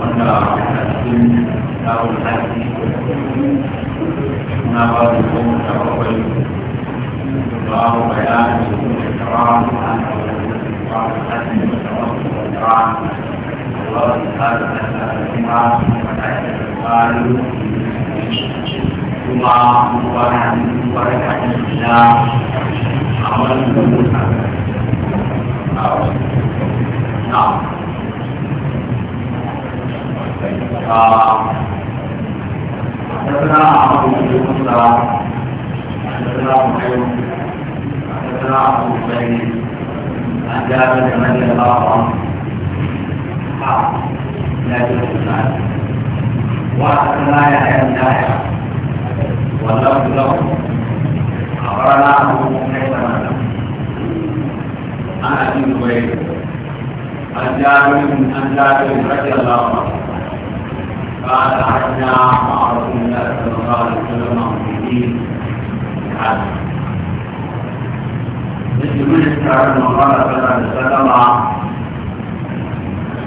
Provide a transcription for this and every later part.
wanda a cikin yawon haji na ba da goma sha bakwai da abu bayani da tara a kuma wani wani kanin da a wani da mutane a wani na حدثنا عمرو بن موسى حدثنا محمد حدثنا ابو سعيد عن جابر رضي الله عنه لا يدرك وحدثنا يحيى بن يحيى واللفظ له اخبرنا ابو حيثم عن ابي زبير عن جابر عن جابر رضي الله عنه قال عدنا مع رسول الله صلى الله عليه وسلم مؤمنين مثل من استعمل مقال صلى الله عليه وسلم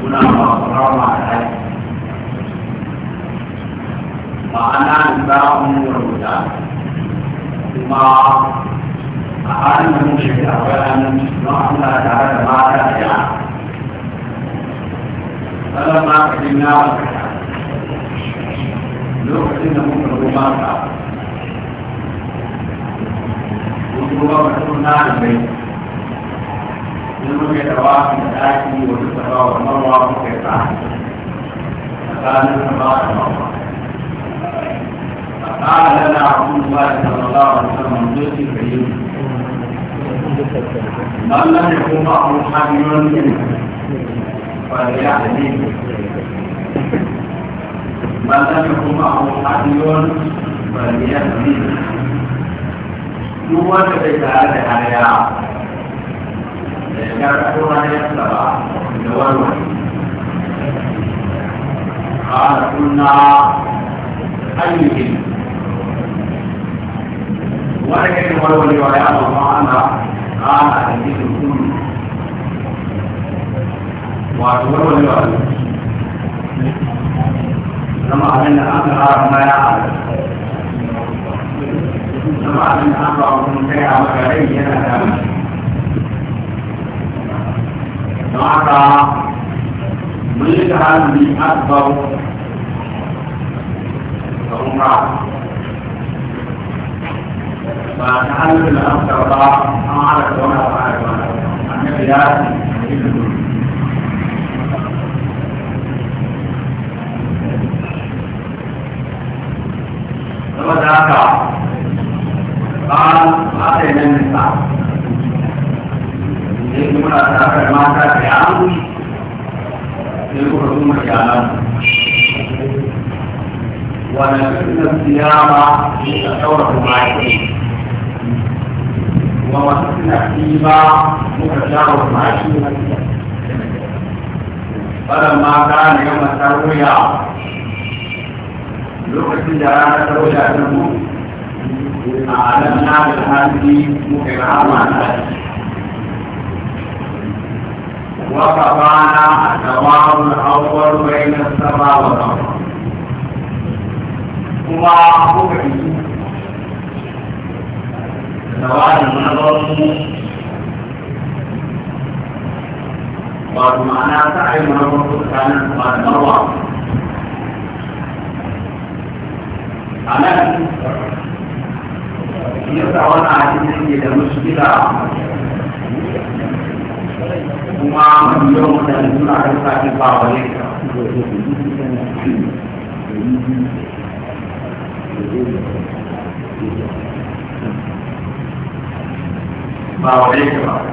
هنا مقرر مع الحج وأنا نباعهم والهدى ثم أعلمهم شيئا فأنا نحن تعالى ما تأتي فلما قدمنا وكذا lokacin da muka ruba ka wasu ruba ka sun na da bai yanzu mai tawa da ɗaki wasu tawa wa marwa muka yi ta tsakanin sama da marwa فقال لنا رسول الله صلى الله عليه وسلم جئت بعيد من لم يكن معه حامل فليعلمه من لم يكن معه عدل فليهدي duk wanda bai tare da haya da shigar kuma ya saba da warware قال كنا أيهم ولكن ولو الرواية معنا قال أيهم وعلى ولو الرواية كما أن أن ما يعلم كما أن أرى من شيء وتبين له معك ملك هذه أكبر فهمرا فتعلم الأكبر مع الكون وعلى الكون أن يأتي saboda haka ba ba ta yi nan nisa ne muna tare mata da yawon ne kuma kuma yalan wani suna siyama ne ka ɗaura kuma ake kuma masu suna siyama muka shawo kuma ake فلما كان يوم الترويه lokacin da rana ta wuce a mu a alam na da hannu muka yi rama na وقضانا الدوام الأول بين السماء والأرض kuma kuka isu da wani manazarsu wato ma'ana ta a yi manazarsu tsakanin ba da marwa Amin. Ia tahun hari ini kita mesti dah. Umar menjong dan sudah kita di bawah Bawa dia ke bawah.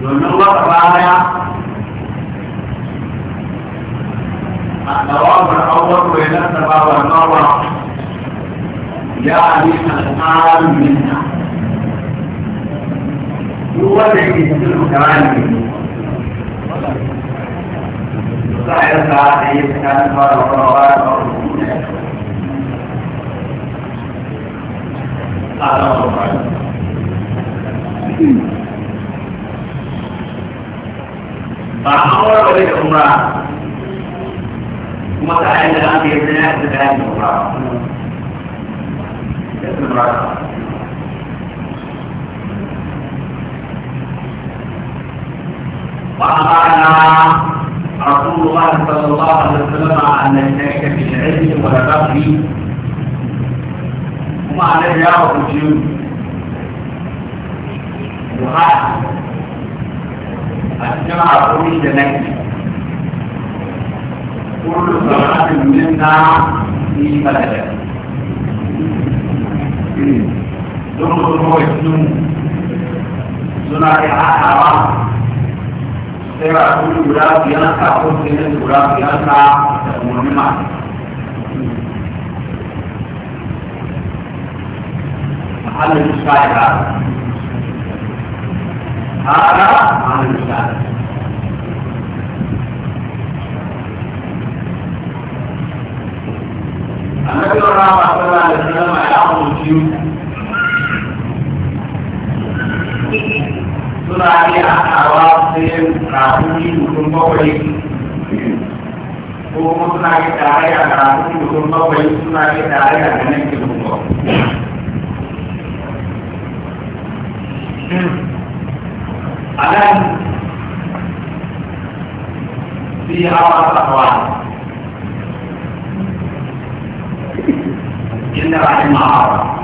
Dan Allah نوابر أول وإلى سباب النوابر يعني الحال منها هو الذي يسلم كمان صحيح ساعة هي كانت مرة ومرة فأمر بك أمرأة وتعالى الآن في وأمرنا رسول الله صلى الله عليه وسلم أن نشترك في العلم والبغي وما عليه يعرف الجنود وقال الجمع الرومي كل صلاة منا في بلده دخل هو يسلم سنة إعادة سيرا كل غلاف ينسى كل سنة غلاف ينسى مهمة محل المشاهدة هذا محل المشاهدة karama sallallahu alaihi wasallam ya amince suna iya haɗawa sai rakuni mutum bakwai ko kuma suna iya tare a rakuni mutum bakwai suna iya tare a ganin mutum bakwai a nan sai ya hawa a إلا بعد المعارضة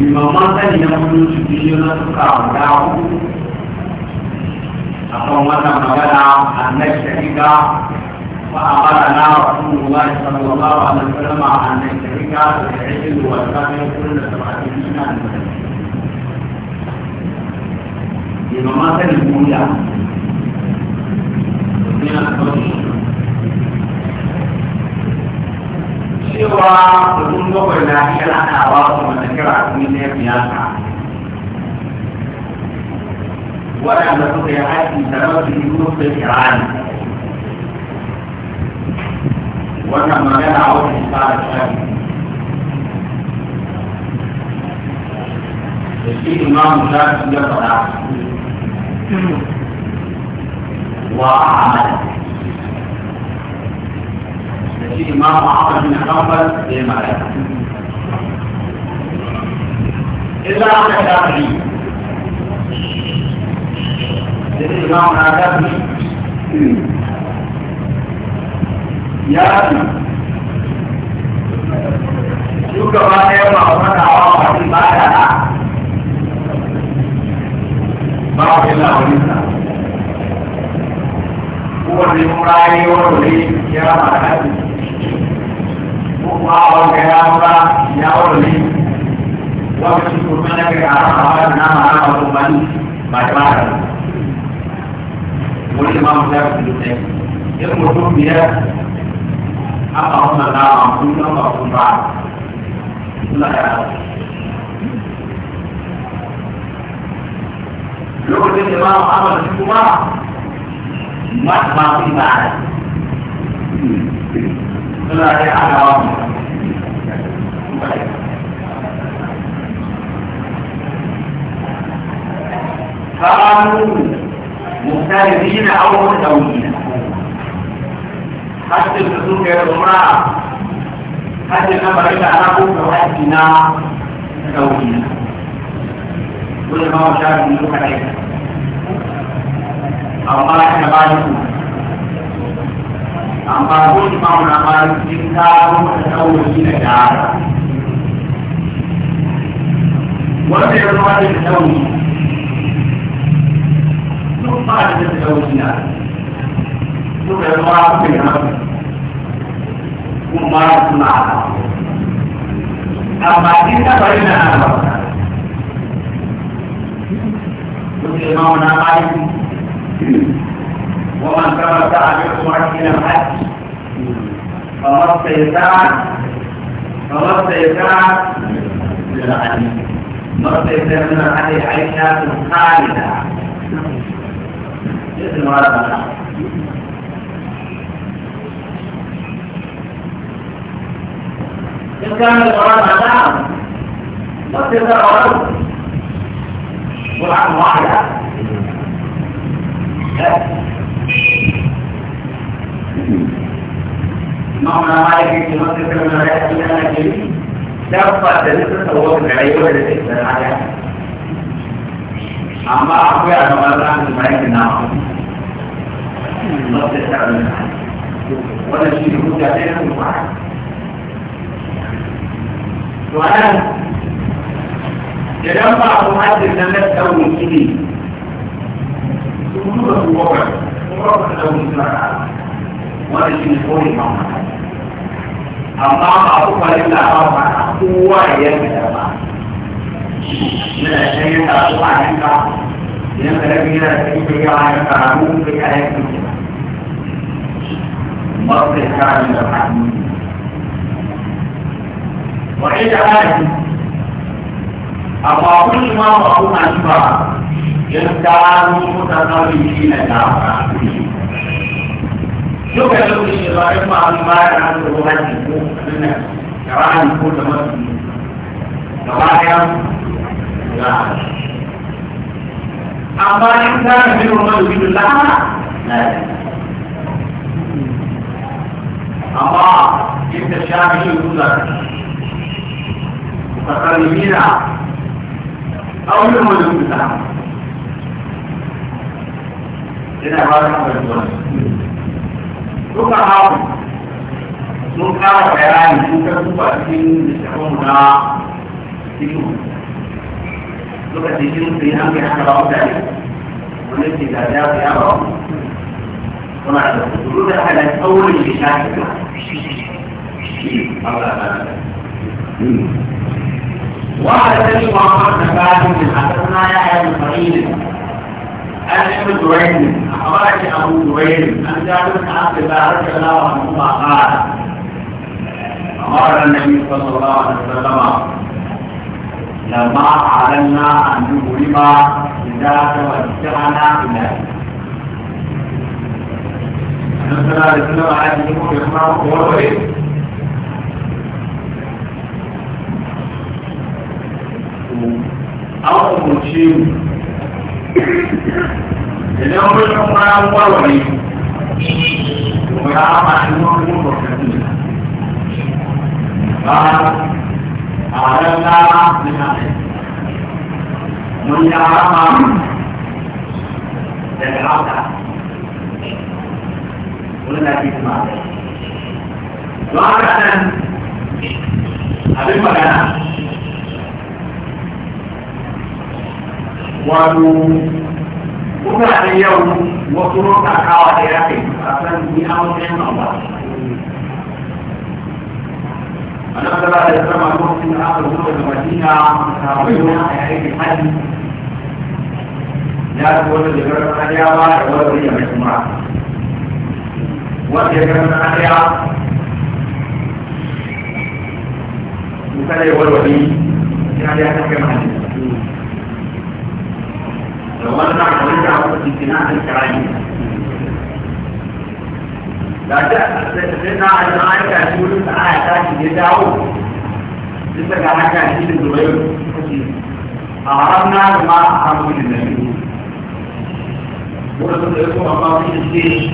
Irmão, manda ali na comunidade de Juna do carro, tá? A formada magana, a mestre فأمرنا رسول الله صلى الله عليه وسلم أن نشترك بالعلم والفهم كل سبعة إيمان لمماثل المولى من الحدود cewa mutum bakwai na iya haɗawa su mata kira a kuma ta siyasa waɗanda suka yi haƙƙi da rasu yi musu kirani wannan magana a wata isa da shari da shi imamu za su iya faɗa wa a في إمام عمر بن حنبل لمالك إلا عن الشافعي للإمام الشافعي يا shugaba na yau ba a wata hawa masu ba da na ba a yi labarin sa kowane mura yi wani ya mara hajji وأعود كلامك يا أولي وأمشي كرمانك على صحابة نام على مطلوبان بجوارة قول الإمام مجاب في الحسين يقول مطلوب بها أقعهم الله عمكم وأقعهم بعض الله يعلم lokacin da babu amal shi kuma masu ba su ba كانوا مختلفين او متساويين حتى الحدود يا جماعه حتى لما بقيت انا كنت وحدنا متساويين كل ما هو شايف من لوحه اما احنا بعد amma ko imamu na mali cikin karo da tsawuri na gara wanda ya zama da tsawuri duk ba da tsawuri na duk da zama su kai na kuma ba su na amma in ka bari na na ba duk da imamu na mali ومن كما تعبد إلى الحج فما استيسار فما استيسار من الحديث ما استيسار من خالدة مثل ما إن كان القرآن نعم ما استيسار ورد والعقل واحدة معنى مالك أنا كريم لا أفضل تنسى صواب العيوة التي تنسى عليها أما أقوى أنا مرة من مالك النار مصر تعمل الحال ولا شيء يقول تعطينا المعارض سؤال تجمع محدد لنفس أو مسلمين سموه الوقت وقت wanda shi ne kawai ma amma ba ku kwarin da ba ba kowa ya yi da ba yana da shi yana da su a yanka yana da rabi yana da shi ya yi karatu da ya yi kuma mafi karin da hannu وعيد عادي أما كل ما أقول أنفع يستعان متقربين دعوة duk da lokaci ba in ma an ba da an zuwa haji ko nuna karani ko da mafi gaba ɗaya za a amma in ta da bin wani wajen lahara na yi amma in ta sha biyu zuwa فقالوا أو يوم الوقت الآن إنها هذا ما يقول duka haku sun kara bayani sun ka duba cikin littafin na cikin duka cikin sun an kai haka ba mutane wani ke da ya fi yawa suna da su da hada tsaurin da shafi na shi Allah ta وعلى سيدنا محمد بن عبد الله يحيى بن an yi mu duwaini a ba shi abu duwaini an ja duka aka da harka lawa na kuma ƙara amma wannan nabi sallallahu alaihi wasallama لما أعلنا أن نظلم إذا توجهنا إليه نزل رسول الله عليه وسلم وروي أو مشيم idan kullum ma warware to ya ma ni wani lokaci ba a ran na ina mun ya ma da haka wannan ke kuma don haka nan abin magana wato mutanen yau wasu rukakawa da ya kai a san ni an wani Allah a nan da za a zama lokacin da aka zo daga madina ta bayyana a yayin hajji ya zo wata jigar kariyawa da wani da mai kuma wata jigar kariya misali wani wani ya ya ta kai mahajji لو وضع وضع الامتناع الشرعي لكن سيدنا علي عائشة يقول تعالى تاتي يدعو لسه كان حكى يجيب الزبير أعرفنا ما أعرفه للنبي ورسول الله أقاضي الشيء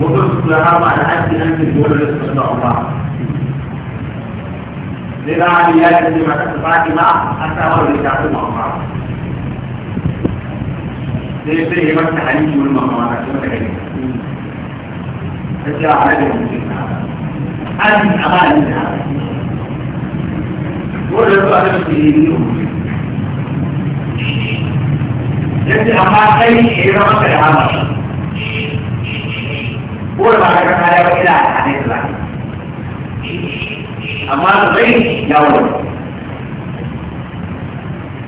ورسول لها ما الحد أنت الدول رسول الله لذا علي يجب ما تتفاكي ما أتعرف sai sai ya mata hanci wani mamawa ta mata gani ta ce a hada da mutum an a ba ni da wanda zuwa da su yi ne yadda amma kai ya zama ka da hama ko da ba ka kasa ya wani da a ne da amma zai ya wani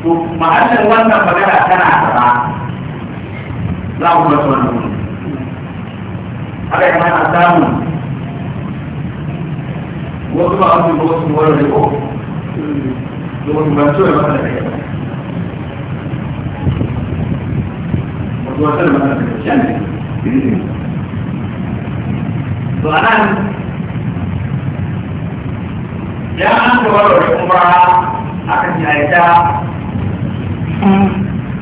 to ma'anar wannan magana tana gaba za mu bar wannan haka kuma ana samu wasu ba su ba su wani riko to wasu ba su da masa da kai wasu ba su da masa da kai ne to anan ya an ka wani wani kuma aka ci a yadda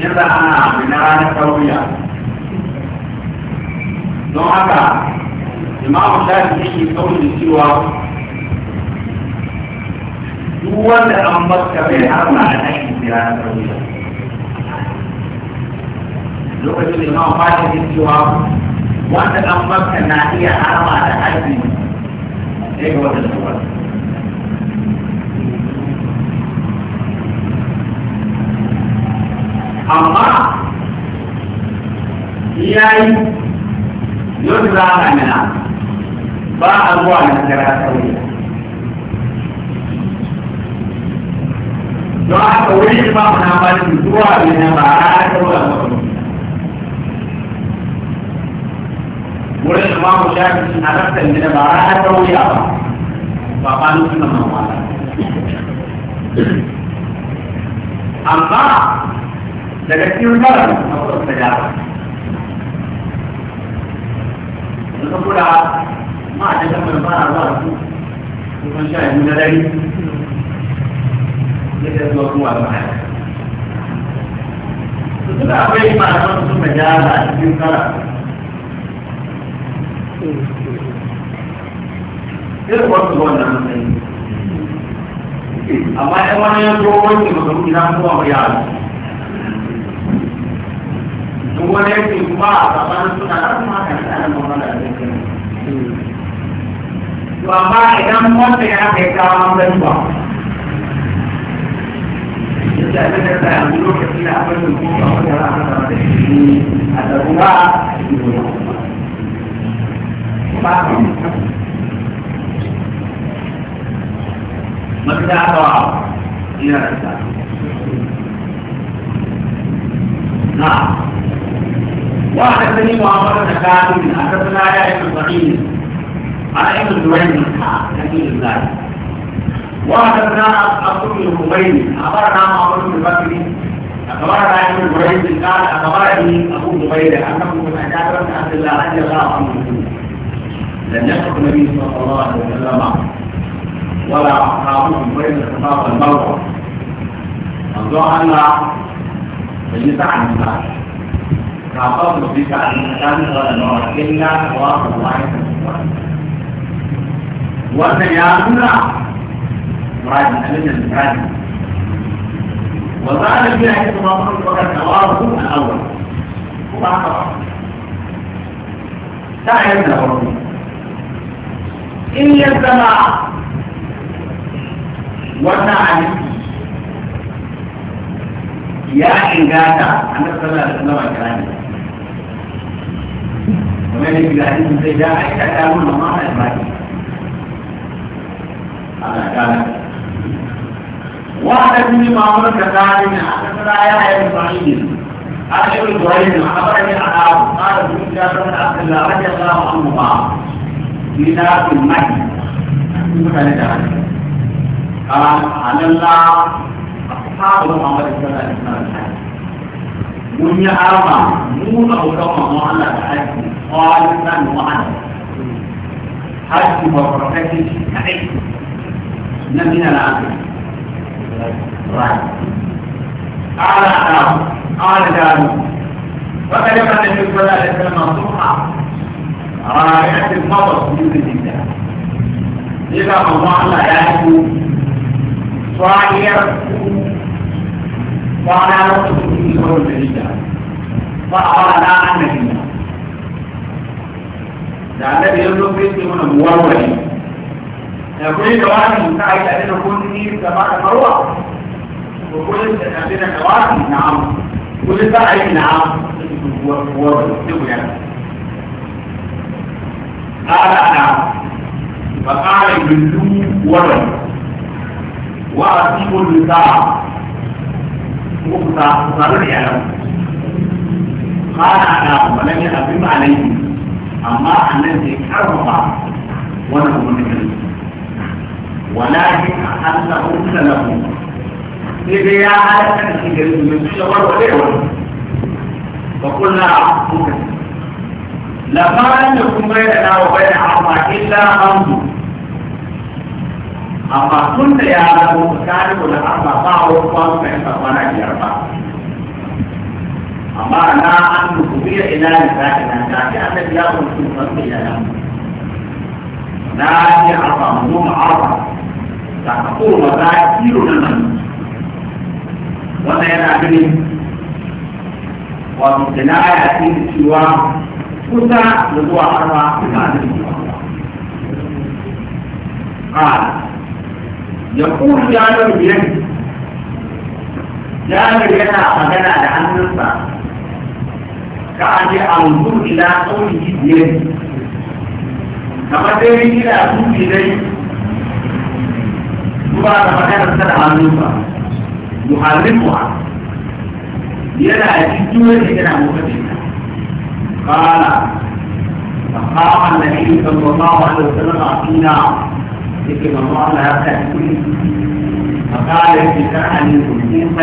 yadda ana bina ranar tauriya don haka imamu shafi yake kaunin cewa duk wanda an maka bai harba a aikin da ya tsarki lokacin da imamu fata yake cewa wanda an maka na iya harba da aikin sai ga wata tsawar amma ya yi يجب على منع باع أبوع الانتراء الطويلة دعا طويل ما منعمل بسوء من معاك ولا ورد ما مشاكل من عرفت من معاك ولا وقالوا كنا من معاك أما daga cikin mara da da kula ma a cikin mai fara zuwa su kuma sha yi na dare da ke zuwa kuma da mahaifa su suna akwai malaman su mai gyara a cikin kara irin wasu wannan matsayi amma ɗan wani ya zo wani makaru ina kuma mai yara duk wani yake kuma a tsakanin suna nan ma kan tsarin mamala ne to amma idan wanda ya kai kawo an ba yadda abin da ta yanzu lokaci na abin da kuma wanda za a kasa da shi a ɗaruwa a cikin ba mafita aka ina da ta na وحدثني معمر بن كامل حدثنا يا ابن صحيح عن ابن زوين نبي الله وحدثنا عبد بن الخبيب اخبرنا معمر بن بكر اخبرنا ابن زوين قال اخبرني ابو زبير انه من اجابه عبد الله رضي الله عنه لم يخرج النبي صلى الله عليه وسلم ولا اصحابه بين الخطاب والموقف موضوع الله فليس عن الناس أعطاهم بك عن الإسلام ولا إلا إلا الله واحد والتجاهل مراد من المراد والغالب فيها حيث ما فقد نواره الأول وبعد تعلم له إن السماء وسعت ya ingata annabi sallallahu alaihi wasallam malik da hadisi zai da ai ta ta mun ma da baki ana kana wa hadisi ma mun ka tsari ne a kasara ya yi fa'idin أخبر الزهير أخبرني أعاب قال ابن جابر بن عبد الله رضي الله عنهما في دار المجد قال على الله أصحاب محمد صلى الله عليه وسلم من يعرف نون أو كما معنى حج خالصا معنى حج مبركته حج نبينا العقل قال أعلم قال جاري وكلمة الحكمة التي كان مصروحا راية المطر في يد الله إذا أضعنا يحكم صاحب صاحب في كل عدة فأراد أن نجمع لأن يطلب في من المولي يقول جواب مستعد أن نكون فيه سماء مروة وكل سنتين جواب نعم كل ساعة نعم هو هو قال أنا فقال يبلو ولد وأصيب النساء قال أنا ولم يأبم عليه أما الذي حرم وله من ولكن أحله له إذا يا على من شوال وليون فقلنا لما أنكم بيننا وبين عرفة إلا أنظر amma tun da ya rabu tsakanin ku da Allah ba a wasu ba su fahimta kwana biyar ba amma na an rubuta ina ne za ki nan ta ki an da biya ku su san ki da nan na ji arba mu mu arba da ko ma za ki ru nan wannan yana gani wato jinaya ce cewa kusa da zuwa arba ba ne قال يقول جعله بيده جعله يدع أبدا لأن نصع كأن أنظر إلى قوله بيده كما إلى أبوك إليه وبعد ما كان سرعا نصع يحرمها يدع جدوه لكنا مفتشنا قال فقام النبي صلى الله عليه وسلم أعطينا يمكن الله لا تأكل فقال اتكاء لكم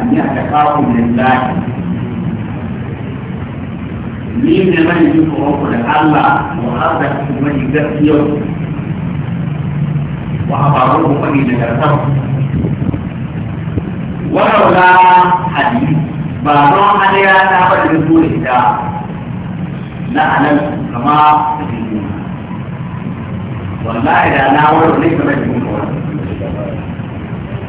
أن يتقاكم لله ni ne mai yi tsoronku da Allah wa haɗa kuma yi gaskiyar wa haɓarun kuma ne da garkar waraula hadi ba don hali ya ta faɗi da ita na anan kama da والله إذا ناول ليس مجنون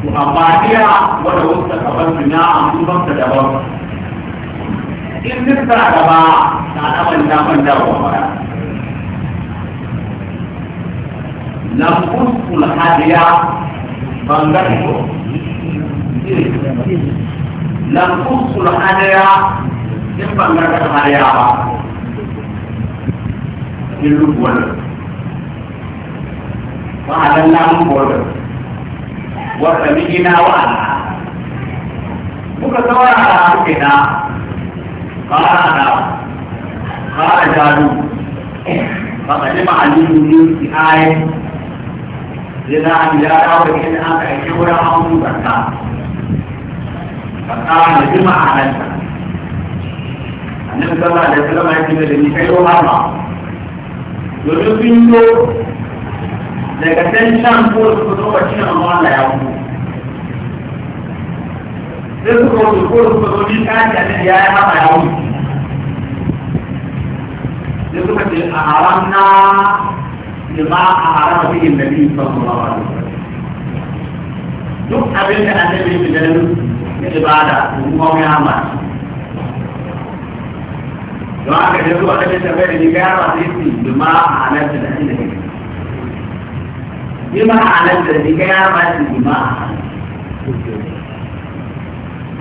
وأطاعيها ولا وسط أول بناء من وسط الأول إن نبدأ جماعة كان أول نعمل دعوة نقص الحديا بنغته نقص الحديا إن بنغته الحديا بالرجوع وعلمنا من بوردر وسمعنا وعلمنا مكتورا على عبدنا قال أنا قال جالوت فقد مع الجنود في آية لذا لا دور إن أنت أشورا أو مبكا فقال جمع على النبي صلى الله عليه وسلم يقول لي كيف أمر يقول daga can can ko su fito a cikin amma ya mutu sai su ko su ko su fito ni kan da ya yi haka ya mutu sai suka ce a haram na lima a haram fi nabi sallallahu alaihi wasallam duk abin da annabi ya gani na ibada kuma ya mata don haka da zuwa da ta bai da ya ba sai su lima a nan da inda bima halatta ne ka ya mace bima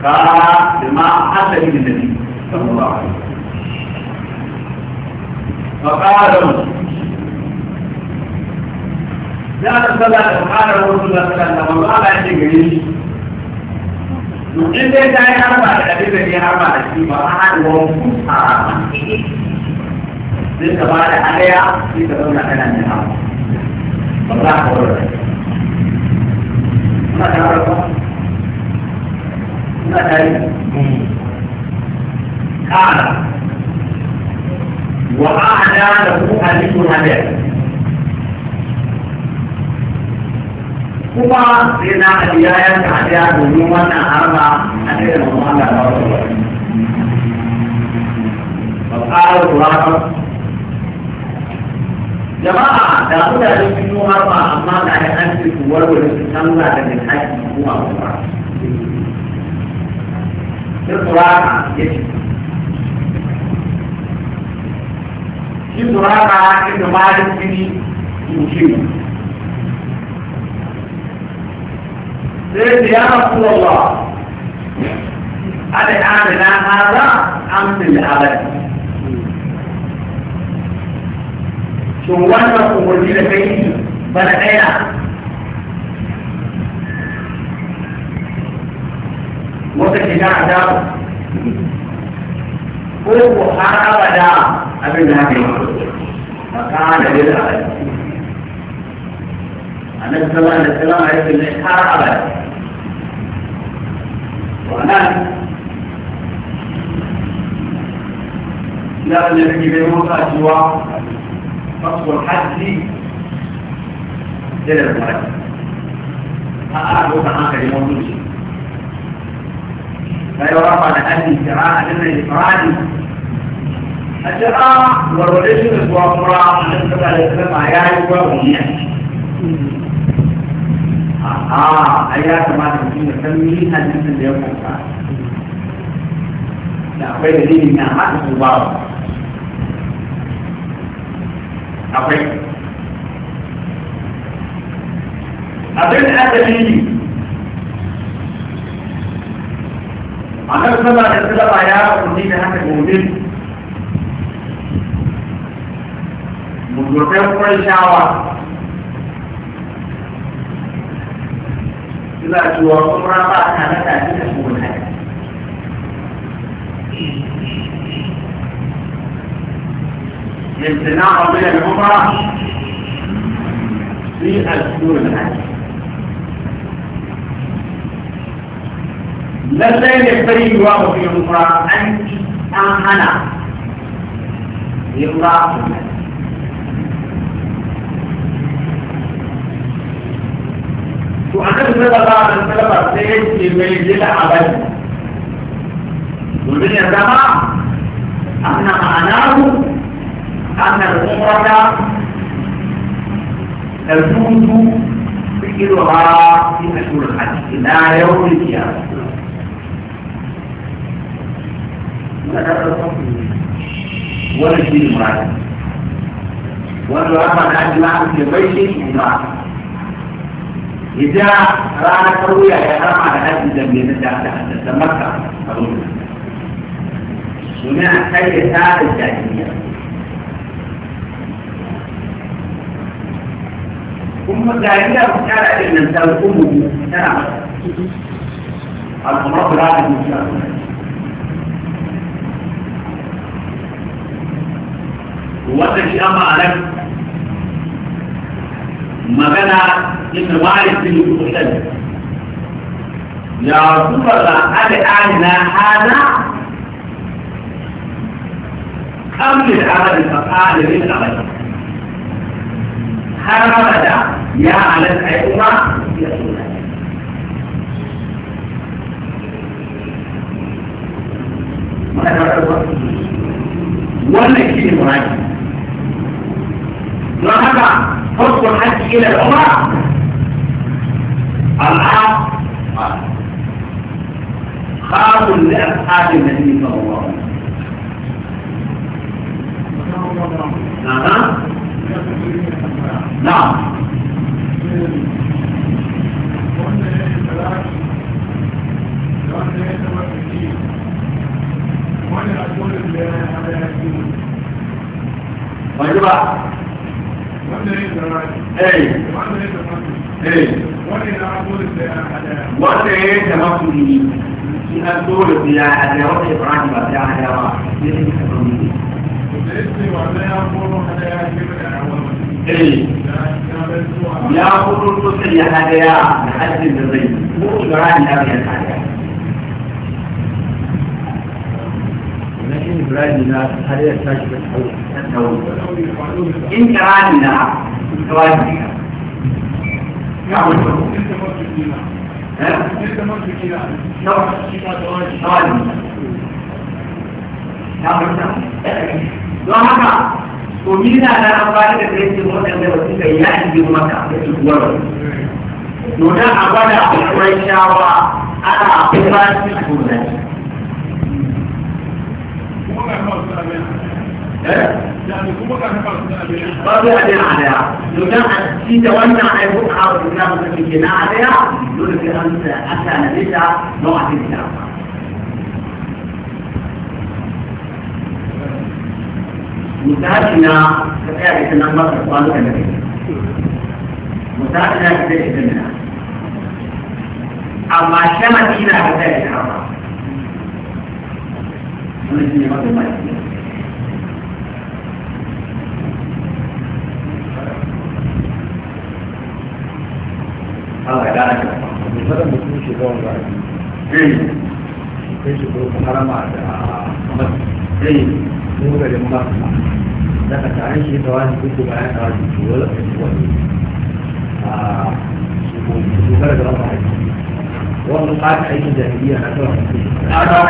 ka bima hasali da nabi sallallahu alaihi وقالوا لا تصلى وقال رسول الله صلى الله عليه وسلم والله لا تجري in dai ta yi harba da abin da ke harba da shi ba a haɗuwar kusa sai ka ba da alaya sai ka zauna kana da hawa أعلى وأعلى له حديث هداه kuma sai na ajiya ya tafiya domin wannan harba a cikin wanda ba su ba. Ba ƙarar جماعة دعونا نبنو أربع أما لا يأتي الثوار والإنسان لا تنحاج هو في القرآن في القرآن في القرآن سيدي يا رسول الله أدعى لنا هذا أمس الأبد to wannan umarni da kai yi bana ɗaya wata shiga a damu ko ko har abada abin da haka yi makana da da abada annabi sallallahu alaihi wasallam ya ce ne har abada wannan ya ne kike mota ciwa نصب الحد إلى المحدد أعرف عن كلمة نجي فإذا رفع لأهل الزراعة لما الإفراد الزراعة والرجل والقراء الذي تبع الإسلام عيال وغنية آه أيها كما تكون تسمي هذه الجنة يوم لا أقول لي إنها ما akwai abin da aka yi a nan sama da sallama ya kunni da haka gobe mutuwar kwan shawa suna cewa kuma ba ta nata ne da kuma لامتناع ربنا العمرة في الشهور الحج لازم يختري الواقع في العمرة أن أنا يمرأ to a kan zaba ba في talaba عبد yake mai jila a أن العمرة تجوز فعلها في مشهور الحج إلى يوم القيامة ولا شيء مراد ولا رفع الأجل في بيت مراد إذا رأى كروية يحرم على أجل ذنبين تحت مكة هنا حي سائر الجاهلية kuma ga gida ku tara irin nan ta kuma tana al'amma kula da mutuwa wannan shi an ma'anar magana inda wa'ayi sun yi kusan ya kuma ga al'ani na hana kamar da amalin fasaha da yin amalin har abada يا على الأئمة wannan shi ne muraki don haka farkon hajji ila umra al'ad khamun da al'adin da ne kawo na na طيب بقى ايه ايه وقت ايه تمام دي في الدول دي على وقت ابراهيم بتاع على راح ايه يا قول القصه يا هدايا لحد الزين مو ابراهيم يا إفرادي لا هل يحتاج للتحول إن كمان لا كواتي don haka komina na amfani da kristi waɗanda ba suka yi yaƙi biyu mata da tuwar nuna a gwada a kurai shawa ana kuma su tunani برضه قدر عليها لو كان في تولى هيكون حاضر قدام المسكين عليها يقول لك انت اتى نتيجه نوع تنسى مساعدنا كتابة النمبر الصالحة التي مساعدنا كتابة الدنيا أما شمتنا كتابة الحرام ونسمي مطلوبة Allah ya dana shi kada mutum shi ga wanda eh kai shi ko harama da amma eh mu ga da mu daga tare shi da wani duk da ya kawo shi wala wani a shi ko shi kada da ba shi wannan ka aikin jahiliya na kawai a ta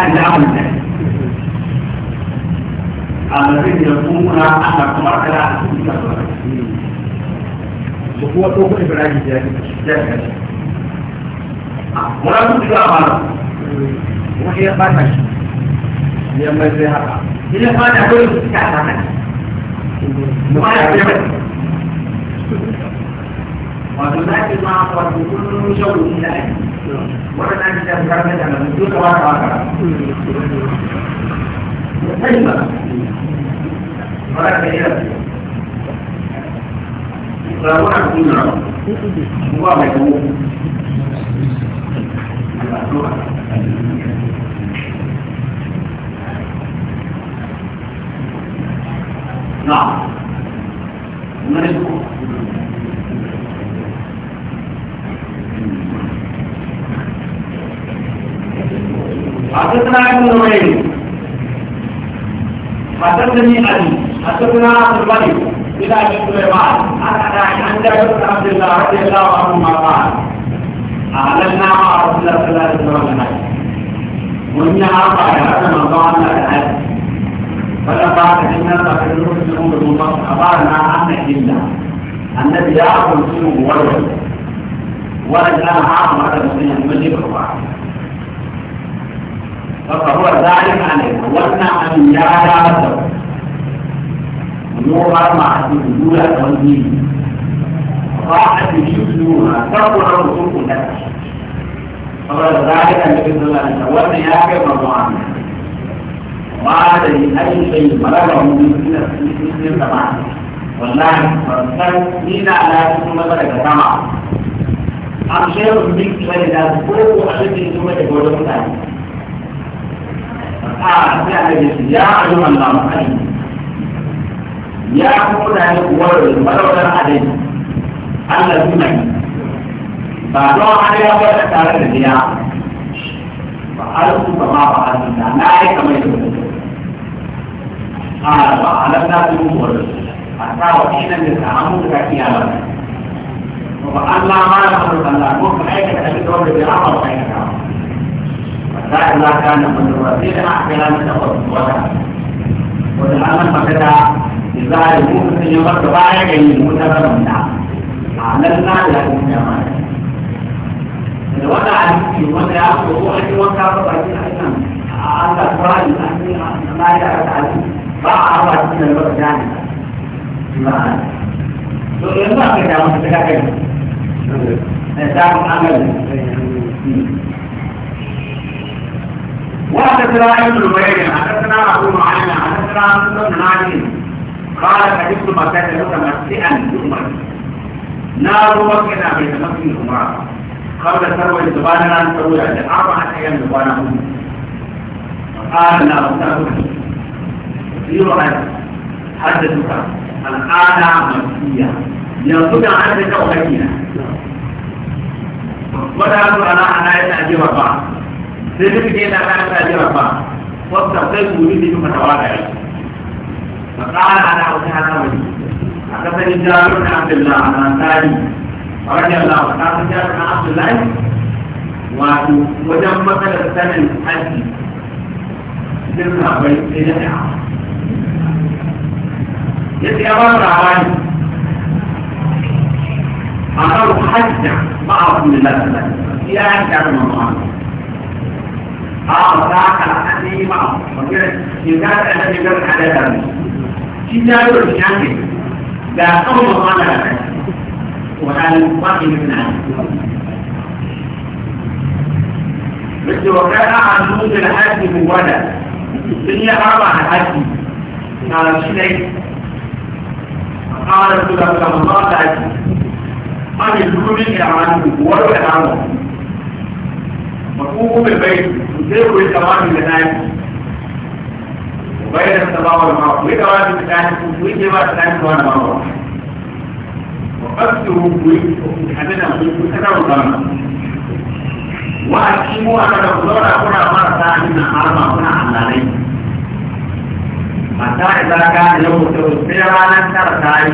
الآن لهم أما الذين يقومون أن كما كلا da kuma tsohon ibrahim da ya fi da ya fi wani kuma amana kuma ya bata shi ya mai sai haka ya bata dole su suka amana kuma ya fi mai wato za ki ma wato kullum shawo ni da ake wani na ji da bukatar da nan duka ba ta waka ba ta yi ba ba ta yi ba فواحد منهم واحد نعم حدثنا ابن نمير حدثني علي حدثنا عبد الملك إلى سليمان عن عند عبد الله رضي الله عنهما قال أعلنا مع رسول الله صلى الله عليه وسلم وإنها قال هذا من ظن الحج فلما تكلمنا فقد نرسلهم بالمنصف أخبرنا أن إلا النبي يأخذ سوء والوجه ولد لنا عام هذا المسلم المجيب الرفاع فهو ذلك عليه ولنا أن يعلى رسول نورها مع الدولة والمين راحت يشوفونها تقول الرسول لك فقال ذلك بإذن الله أن تولي ياك مرضوان بعد أي شيء بلغه من سنة سماع والله فرسل مينا على سنة مدرك سماع I'm sure it makes very that both of us need to make a good time. Ah, yeah, I guess. Yeah, I don't know. ya fi mutane kuwar madaunar adai Allah suna yi ba don adai ba da tare da biya ba har su ba ma ba har su na yi kamar yadda ba a ba a nan na su kuwar a tsawa shi nan da samu da kaki a ba ba Allah ma na faru Allah ko ka aikata shi da wanda bai amma ba aikata ba za a yi laka na mandarwa sai da aka yi lana da wata wata wata ana magana الظاهر ممكن يمر أيضا على أسرار ما يعرف عليه فأعرف من الوضع حدثنا ابو معين حدثنا ابن الوليد قال حديث ما كان متمسئا بالعمرة نار مكة بيتمسك بالعمرة قبل سروي زباننا سروي عند أربعة أيام زبانه قال لا أستاذ يرعد حدثك الآن مكية يصد عنك وحكينا ولا أقول أنا أنا أجي ربا سيدي بكي أنا أجي ربا وابتغطيك وليدي كما توابعي فقال أنا أتحدى مجيء حدثني جابر بن عبد الله عن أنصاري رضي الله عنه قال جابر بن عبد الله wato wajen matsalar sanin haji sun sabai sai da ta ya ce yawan rawani a kan hajja ba a wani lalata ya yi ta da mamawa a wata ka a ne ma a wani shiga da shigar adadar ne shi ta yi wani shafi ga kawai mawana da kai wadannan kwanin yana da ke wa kai a nuna da haji mu wada sun yi harba da haji a shi ne a kawai su da kama ba da haji wani dukumin da wani kuwar da hawa ba kuma bai bai zai wuri kama da haji أنا غير التضاول المرض ويدرى بالتاهل ويدرى بالتاهل وانا مرض وقفته ويحدنا ويتكرر ضرنا وأكيموا أن الأخضر أكون أمر ثاني حرم أكون علاني حتى إذا كان يوم التوسير على الترسائي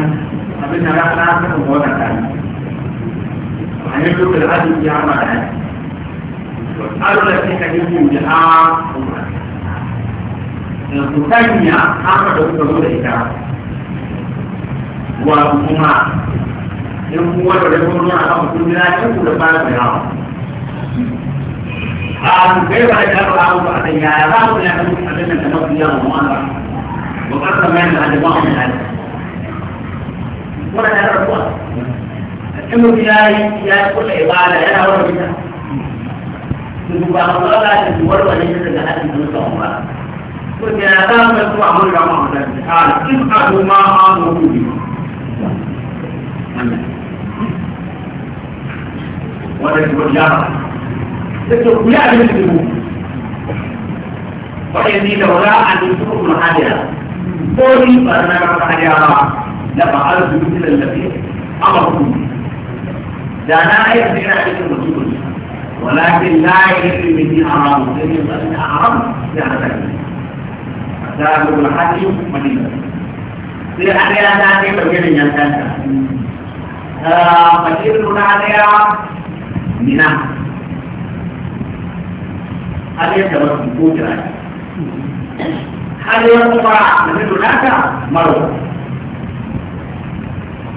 فمن رأسنا أكون هو الترسائي وهنبدو بالعدل في عمل هذا وقالوا لك كيف يمكن جهاز su sanya haka da suka zo da ita wa kuma in kuma da da kuma zuwa kan mutum na yin ku da ba da yawa a su kai ba da yawa abu ba a yaya za ku ya kan a cikin da mafi yawa ma ba ba ka san mai da ba mu da kuma da yawa kuwa in mutum ya yi ya kula ibada yana wani mutum su ba ba da su warware shi daga hadin da mutum ba فإذا كان يسوع من لهم قال افعلوا ما آمروا به ولكن وجاهه تكتب لا تكتبوا وإني لولا أن يسوق الحجرة قولي فأنا الحجرة لفعلت مثل الذي أمركم لا لا يمكن ولكن لا يمكن مني أعرض لأني أعرض لأنك dalam rumah hati meninggal. Tidak ada yang nanti pergi menyatakan. Eh, Masih itu pun ada yang minah. Ada yang dapat dipuja. Ada yang kumpah, tapi itu nanti malu.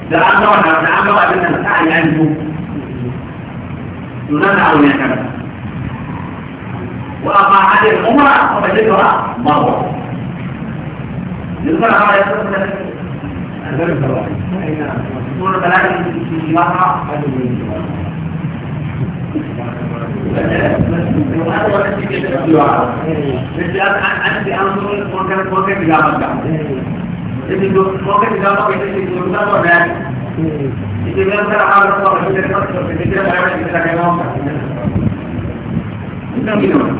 Dalam anda dalam tahun, ada yang saya ibu. Itu nanti tahu yang kata. Wah, apa hadir apa jadi orang? Bawa. للمرأة يكون لك سورة ثلاثة في مرأة Thank you.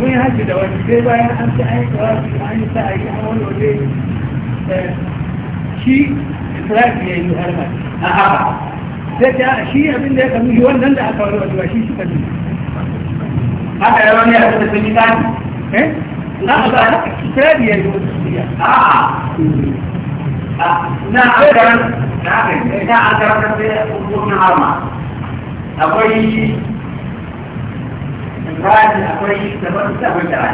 mun haji da wani sai bayan an ci an yi tawafi an yi sa a yi an wani waje shi israfi ya yi harba a sai ta shi abin da ya kanu shi wannan da aka wani waje ba shi shi kanu haka ya wani ya kasa sun yi tani eh na ba israfi ya yi wani a na akarar na akarar da ya kuma harma akwai bayan akwai daban da akwai kara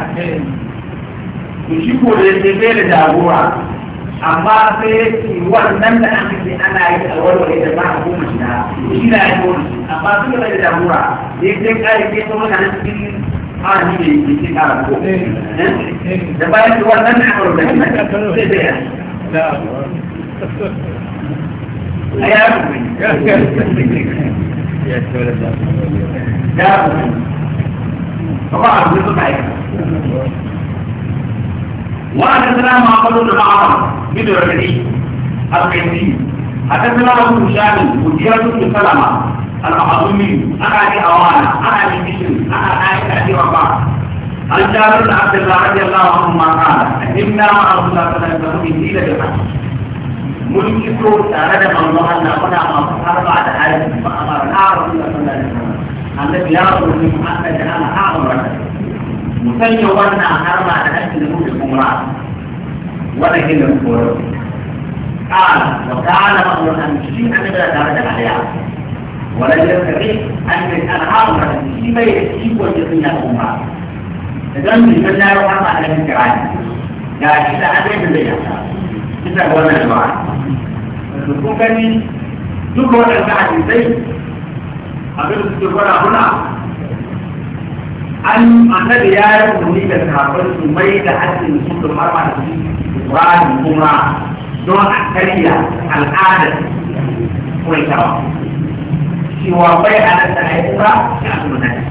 to shi ko da yake bai da jagora amma sai ya ce wannan da an ce ana yi a warware da ba a goma shi na shi na yi goma amma sun da bai da jagora da ya ce kare ke kuma mutane cikin harami da ya ce kara ko da bayan da wannan da akwai da shi sai da ya ya ya ya ya فقعت من تبعيك وحدثنا معقل بن معمر بن ربعي القيسي حدثنا ابو هشام مديرة بن سلمة الأعظمي أنا أبي أوانا أنا أبي بشر أنا عائشة أبي رباح عن جابر بن عبد الله رضي الله عنهما قال أهمنا مع رسول الله صلى الله عليه وسلم من إلى الحج ملكته تعالى الله أن أقنع ما صار بعد حالة فأمرنا رسول الله صلى الله عليه وسلم annabi ya rubuta Muhammad da ana haɓar mu sanya wannan harma da ake da mutu umra wannan gina koyo قال وكان امر ان تشيء ان لا تعرض عليها ولم يستطيع ان الانهار من في بيته وجهه امرا idan mutum na yawan haka a cikin kirani ga shi da abin da zai yasa bisa ga wannan jama'a kun gani duk wannan sa'adin zai abin da suke gwada muna an annabi ya yi umarni da sahabbai su mai da hajjin su da marma da su wani kuma don a karya al'adar kwaitawa cewa bai halatta a yi kura da a tuna nashi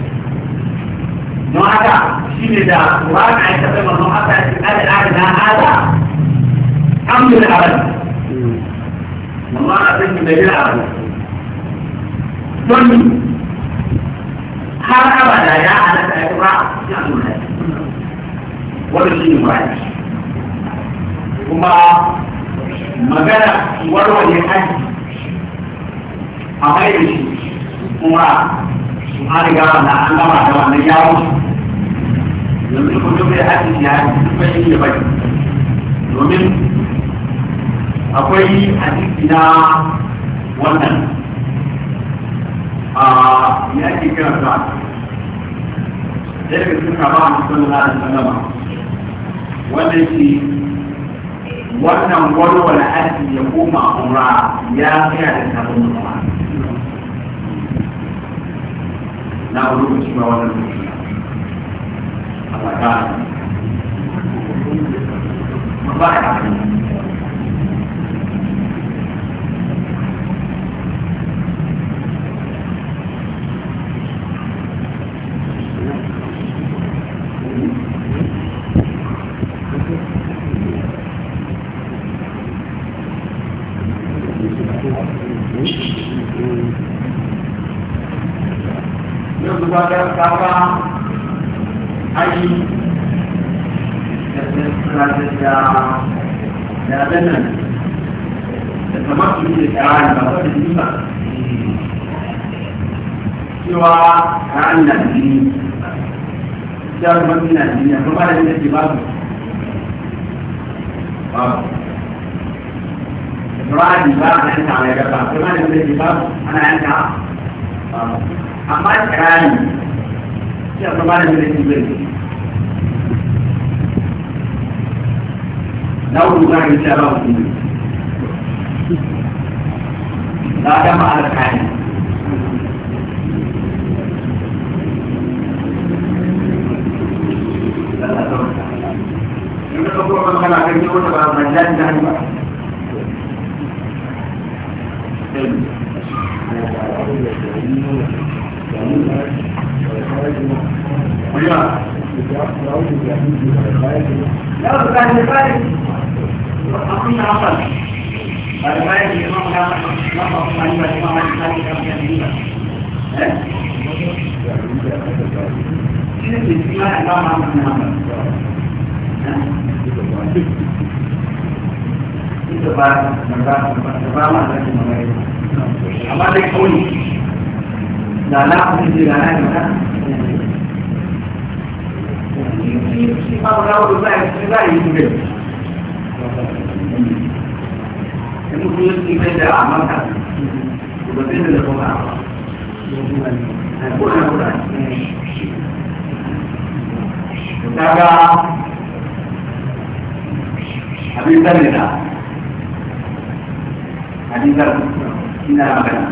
don haka shi ne da wani a yi taɓa mazan haka ya ce kada a na ala an bi da abin amma a zai da yi abin don har abada ya halatta ya ba a cikin al'umma wani shi ne bayan kuma magana warware haji a mai da shi kuma an riga wannan an gama da wannan yawo yanzu kun duk da haji ya yi kuma shi ne bai domin akwai hadisi na wannan a ya ke kira ta da daga cikin kaba a cikin lalata sallama wanda ke wannan walwala aji ya koma umra ya tsaya da sabon mutuwa na lokaci ba wannan lokaci a tsakanin ba a larabawa a an najeriya jarumin najeriya kuma da yake ba su ba Rani ba a yanka mai gaba, kuma da yake ba ana yanka amma tsirani shi a kuma da yake bai لو كان شباب لا جمع الحالي طبعا من لا نعلم لا بس انا فاهم اكون عقل انا فاهم الامام ده ما هو فاهم الامام ده كان بيعمل ايه ba amma dai kauni da na kuma da na ne ka shi ma ba da zai shi zai yi ne in mutum yi ne da amma ka ba zai da kuma ba ko na ko da kaga abin zarri da abin zarri ina magana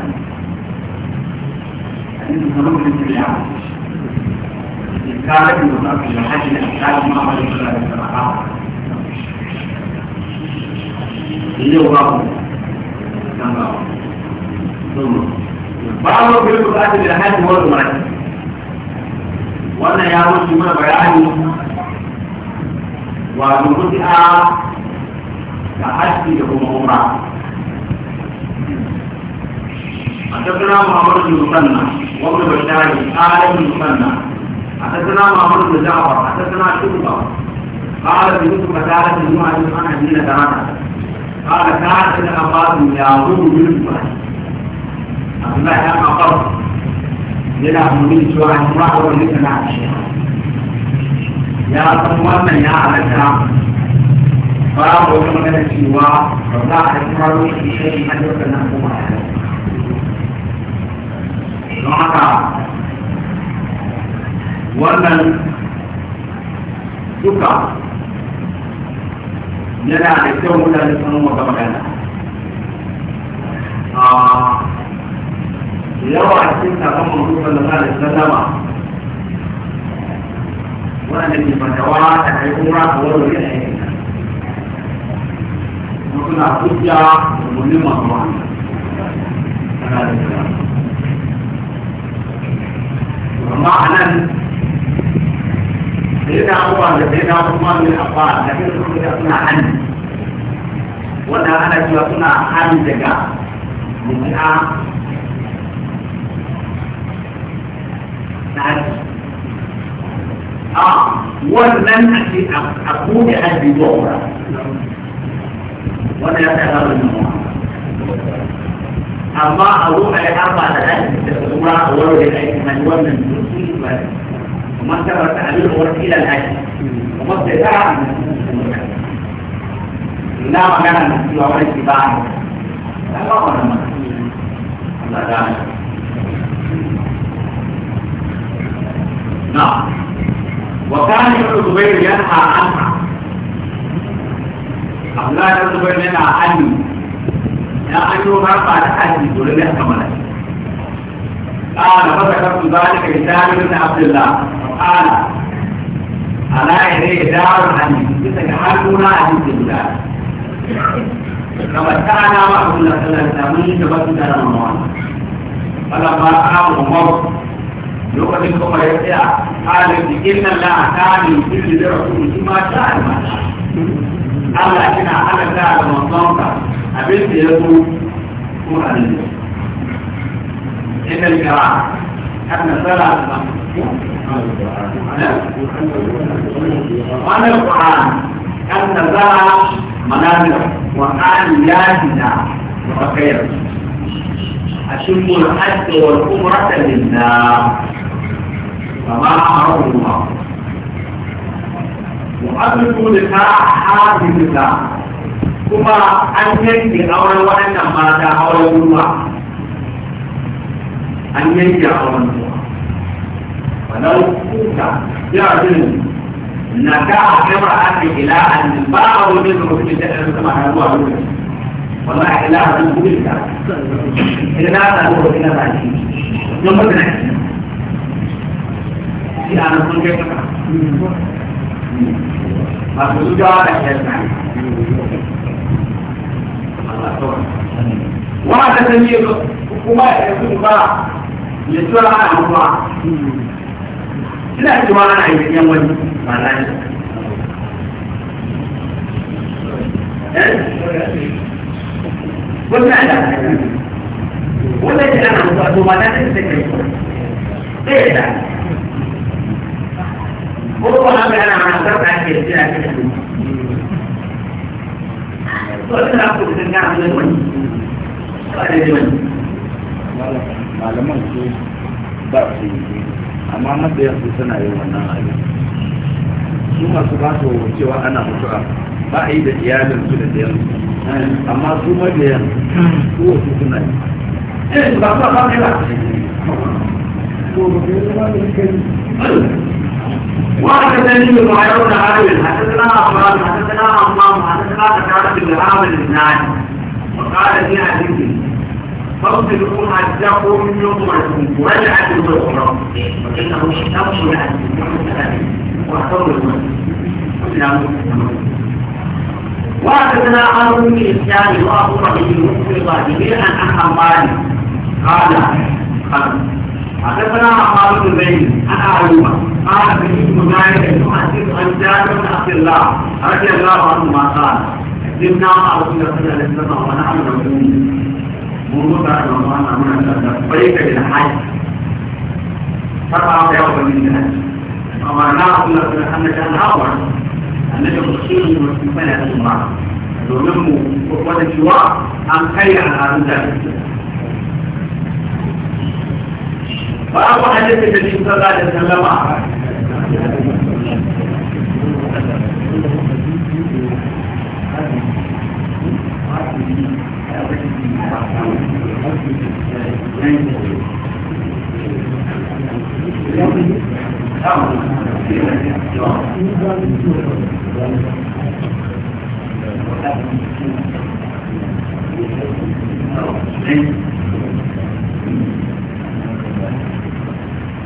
abin da zama kuma cikin ya kare da zama kuma hajji da kare ma a wajen kare da ba yau ba ku nan ba ba a zo kuma kuma ake da hajji wani mara wannan ya wuce mana bayani wato mutu'a da haji da kuma umra حدثنا محمد بن مثنى وابن بشار قال ابن مثنى حدثنا محمد بن جعفر حدثنا شعبه قال ابن قتادة بن معاذ عن ابن ثلاثة قال كان ابن عباس يعظم بالكفر عبد الله بن عباس يلعب من سوى امرأة وليس مع الشيخ ya san يا ya halatta babu wata magana cewa ba za a yi kuma rufe shi a dukkan nan kuma don haka wannan duka yana da kyau mutane sun wata magana yawa a cikin sakon mutu sallallahu alaihi wasallama wanda ke fatawa da kai umra a wurin da suna hujja wani masu wani amma a nan da yana abubuwa da sai na kuma mai abba da kai suna suna hannu wannan ana cewa suna hannu daga mutu'a a wannan ake a buɗe hajji zuwa ولا يتغير منه الله أروح إلى أربعة الأجل أولا من هو من وما كبر تعليل هو إلى الأجل وما استطاع من المسلمين لا مكان المسلمين ولا اتباع لا مكان المسلمين الله نعم وكان ابن زبير ينهى عنها abdullahi da zubair yana hannu ya hannu ba ba da hannu dole ne aka mana قال فذكرت ذلك لسامر بن عبد الله قال على يدي دار الحديث يتكلمون عن الله تمتعنا معهم لسنة ثمانية تبدل رمضان فلما قام عمر يقدم كما يسعى قال إن الله كان يجزي لرسوله ما شاء ما شاء Allah kina hada ta da manzonka abin da ya zo ko annabi ita kira kan sala وانا القران كان نزل منازل وقال ياتنا وخير اشم الحج والعمره لله فما امره الله mu'ammitu da ta haɗin da kuma an yanke auren waɗannan mata auren ruwa an yanke auren ruwa walau kuka ya jin na ga a kamar ake ila an ba a wani da mutum da ɗan sama har zuwa lokaci wallahi ila a zan gudun ta ina na samu wani na zaki don mutum na shi a nan sun kai kasa masu jawa da ke nan wa ta sani kuma ya yanzu ba ya tura ana hannuwa ina cewa ana yi yan wani ba na yi wannan da wannan da ana hannuwa to ba na yi da ke yi ɗaya da Bukan apa yang anak terkacir Dia nak kena kau tak aku dengar dia pun. Tak ada dia pun. Malam malam tu tak sih. Amanah dia susah nak yang mana. Cuma sebab tu cewa anak muka. Baik dia dia dan sudah dia. Eh, Amma cuma dia. Tu susah nak. Eh, bapa kau ni lah. Tu dia tu mana وحدثني المعيرون عامل حدثنا أفراد حدثنا أمام حدثنا تكاد بن عامل النادي وقال في عزيزي فاغسلوا حجكم يطركم ولعت الظهر فإنه شتم العزيز وحضر المسجد وحدثنا عمرو بن الاسلام واخبر به مسلم عن عن قال قال حدثنا عمار بن زيد عن عروبه قال في مجاهد يحدث عن جابر بن عبد الله رضي الله عنهما قال جبنا مع رسول الله صلى الله عليه وسلم ونحن نقول منذ بعد رمضان امرنا لبيك بالحج سبعه يوما من الحج امرنا رسول الله صلى الله عليه وسلم ان نحضر ان نجد خصوصا وسلمان الامراء domin mu wadda cewa an kai al'adun da babu annabi da shi sallallahu alaihi wasallam Thank you.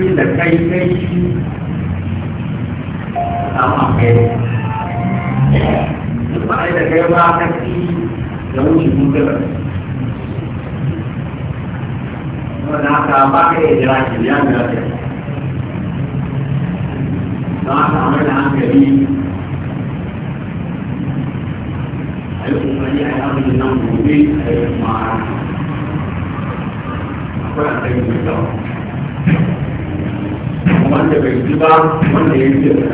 abin da kai kai shi amma kai ba a da kai ba ka ci da wuce duka ba wanda haka ba ka yi jira ki ya jira ki ba ka amai da hankali a yi kokari a yi abin da nan gobe a yi kuma akwai a kai mai kyau wanda bai ji ba wanda ya ji da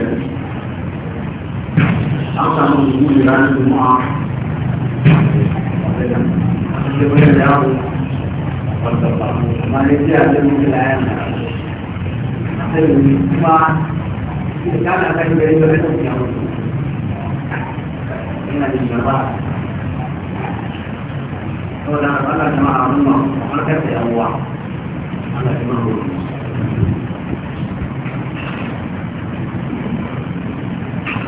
an samu zuwa da ranar juma'a da wani yawo wanda ba amma ne ji a cikin mutu da yana sai wani kuma da kana kan gari da rashin yawo ina da shaba saboda Allah jama'a mun ma harkar da yawa Allah ya mun